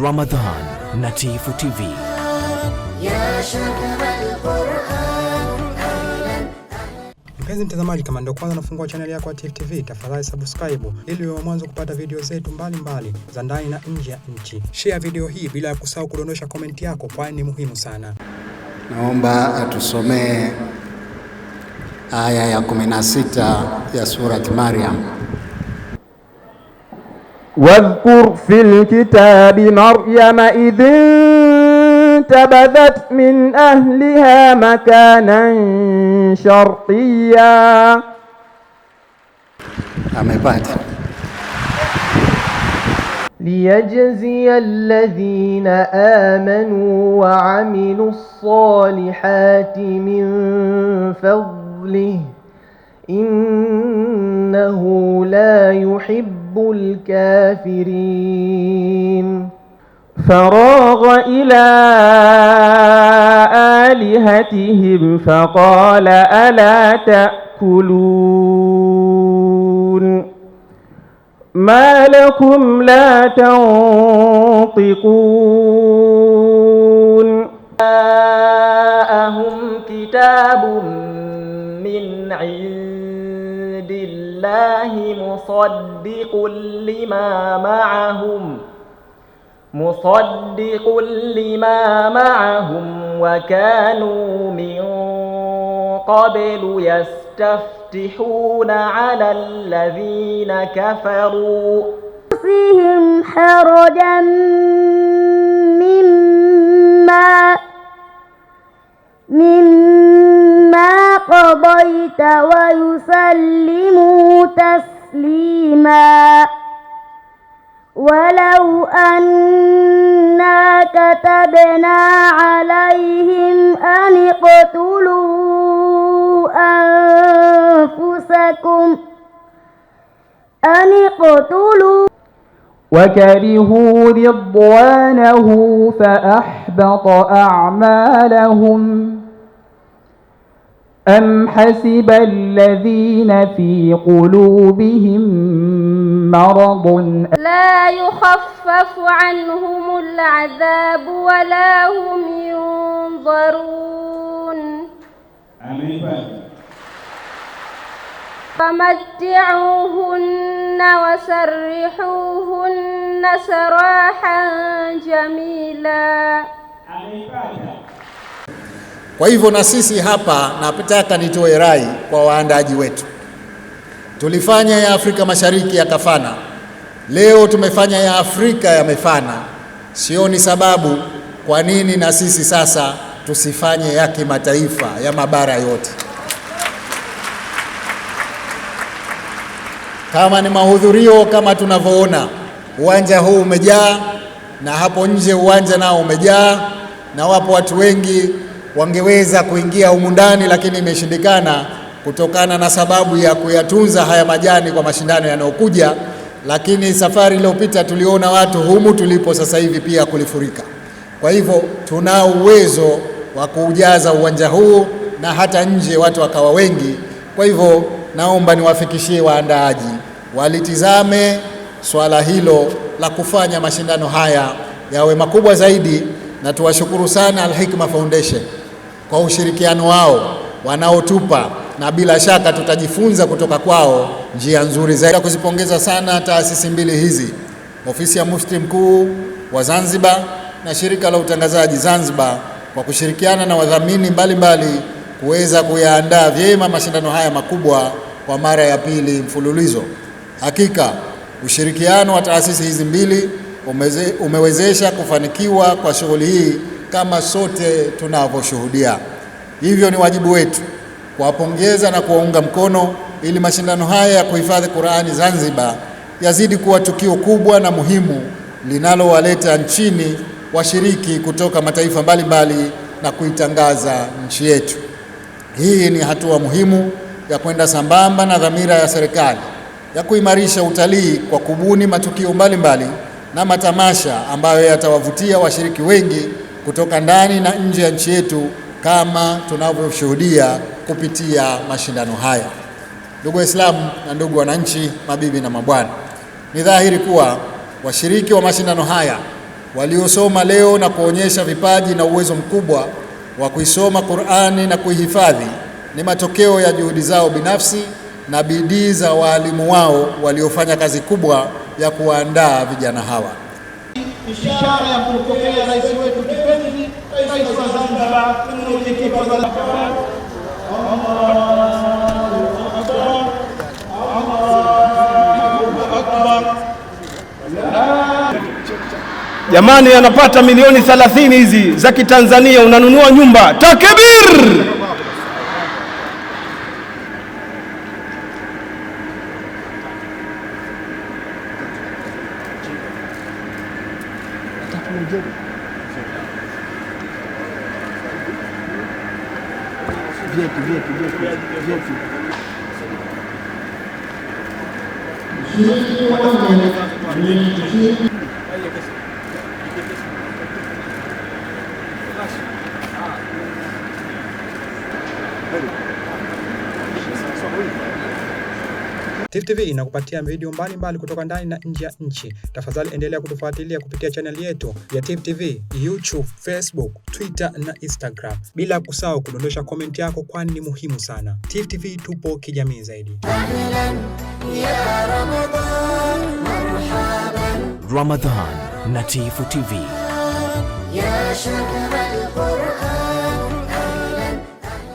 Ramadan na Tifu TV. Mpenzi mtazamaji, kama ndio kwanza nafungua chaneli yako ya Tifu TV, tafadhali subscribe ili uwe mwanzo kupata video zetu mbalimbali za ndani na nje ya nchi. Share video hii bila ya kusahau kudondosha komenti yako, kwani ni muhimu sana. Naomba atusomee aya ya 16 ya surati Maryam. واذكر في الكتاب مريم إذ انتبذت من أهلها مكانا شرقيا ليجزي الذين آمنوا وعملوا الصالحات من فضله إنه لا يحب يحب الكافرين فراغ إلى آلهتهم فقال ألا تأكلون ما لكم لا تنطقون جاءهم كتاب من عند الله مصدق لما معهم مصدق لما معهم وكانوا من قبل يستفتحون على الذين كفروا فيهم حرجا مما مما قضيت ويسلموا تسليما ولو أنا كتبنا عليهم أن اقتلوا أنفسكم أن اقتلوا وكرهوا رضوانه فأحبط أعمالهم أم حسب الذين في قلوبهم مرض لا يخفف عنهم العذاب ولا هم ينظرون فمتعوهن وسرحوهن سراحا جميلا آمين Kwa hivyo na sisi hapa, nataka nitoe rai kwa waandaji wetu. Tulifanya ya Afrika Mashariki yakafana, leo tumefanya ya Afrika yamefana. Sioni sababu kwa nini na sisi sasa tusifanye ya kimataifa ya mabara yote. Kama ni mahudhurio, kama tunavyoona uwanja huu umejaa, na hapo nje uwanja nao umejaa, na wapo watu wengi wangeweza kuingia humu ndani, lakini imeshindikana kutokana na sababu ya kuyatunza haya majani kwa mashindano yanayokuja. Lakini safari iliyopita tuliona watu humu tulipo sasa hivi pia kulifurika. Kwa hivyo tunao uwezo wa kuujaza uwanja huu na hata nje watu wakawa wengi. Kwa hivyo naomba niwafikishie waandaaji walitizame swala hilo la kufanya mashindano haya yawe makubwa zaidi, na tuwashukuru sana Al Hikma Foundation kwa ushirikiano wao wanaotupa, na bila shaka tutajifunza kutoka kwao njia nzuri zaidi. Kuzipongeza sana taasisi mbili hizi, ofisi ya Mufti mkuu wa Zanzibar na shirika la utangazaji Zanzibar kwa kushirikiana na wadhamini mbalimbali kuweza kuyaandaa vyema mashindano haya makubwa kwa mara ya pili mfululizo. Hakika ushirikiano wa taasisi hizi mbili umeze, umewezesha kufanikiwa kwa shughuli hii kama sote tunavyoshuhudia. Hivyo ni wajibu wetu kuwapongeza na kuwaunga mkono ili mashindano haya ya kuhifadhi Qur'ani Zanzibar yazidi kuwa tukio kubwa na muhimu linalowaleta nchini washiriki kutoka mataifa mbalimbali mbali na kuitangaza nchi yetu. Hii ni hatua muhimu ya kwenda sambamba na dhamira ya serikali ya kuimarisha utalii kwa kubuni matukio mbalimbali mbali na matamasha ambayo yatawavutia washiriki wengi kutoka ndani na nje ya nchi yetu kama tunavyoshuhudia kupitia mashindano haya. Ndugu Waislamu na ndugu wananchi, mabibi na mabwana, ni dhahiri kuwa washiriki wa mashindano haya waliosoma leo na kuonyesha vipaji na uwezo mkubwa wa kuisoma Qur'ani na kuihifadhi ni matokeo ya juhudi zao binafsi na bidii za waalimu wao waliofanya kazi kubwa ya kuwaandaa vijana hawa. Ishara ya kumpokea rais Jamani, anapata milioni 30 hizi za Kitanzania, unanunua nyumba. Takbir! Дети, дети, дети, дети. Герои, Tifu TV inakupatia video mbalimbali kutoka ndani na nje ya nchi. Tafadhali endelea kutufuatilia kupitia chaneli yetu ya Tifu TV, YouTube, Facebook, Twitter na Instagram, bila kusahau kudondosha komenti yako, kwani ni muhimu sana. Tifu TV tupo kijamii zaidi. Ramadan na Tifu TV.